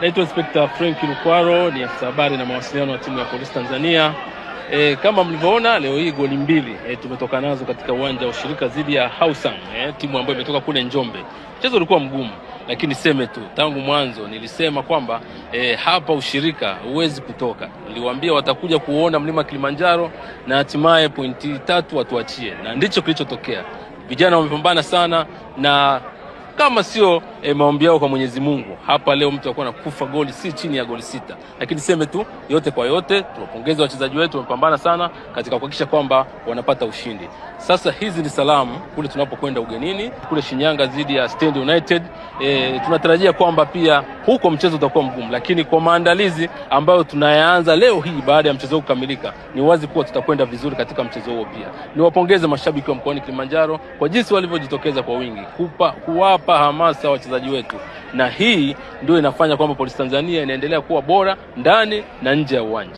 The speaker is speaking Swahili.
Naitwa Inspekta Frank Lukwaro, ni afisa habari na mawasiliano wa timu ya polisi Tanzania. E, kama mlivyoona leo hii goli mbili e, tumetoka nazo katika uwanja wa ushirika dhidi ya Hausang e, timu ambayo imetoka kule Njombe. Mchezo ulikuwa mgumu, lakini seme tu tangu mwanzo nilisema kwamba e, hapa ushirika huwezi kutoka. Niliwaambia watakuja kuona mlima Kilimanjaro na hatimaye pointi tatu watuachie, na ndicho kilichotokea. Vijana wamepambana sana na kama sio e, maombi yao kwa Mwenyezi Mungu, hapa leo mtu alikuwa anakufa goli si chini ya goli sita. Lakini seme tu yote kwa yote, tuwapongeze wachezaji wetu, wamepambana sana katika kuhakikisha kwamba wanapata ushindi. Sasa hizi ni salamu kule tunapokwenda ugenini kule Shinyanga dhidi ya Stand United. E, tunatarajia kwamba pia huko mchezo utakuwa mgumu, lakini kwa maandalizi ambayo tunayaanza leo hii baada ya mchezo kukamilika, ni wazi kuwa tutakwenda vizuri katika mchezo huo. Pia niwapongeze mashabiki wa mkoani Kilimanjaro kwa jinsi walivyojitokeza kwa wingi kupa kuwapa kuwapa hamasa wachezaji wetu, na hii ndio inafanya kwamba polisi Tanzania inaendelea kuwa bora ndani na nje ya uwanja.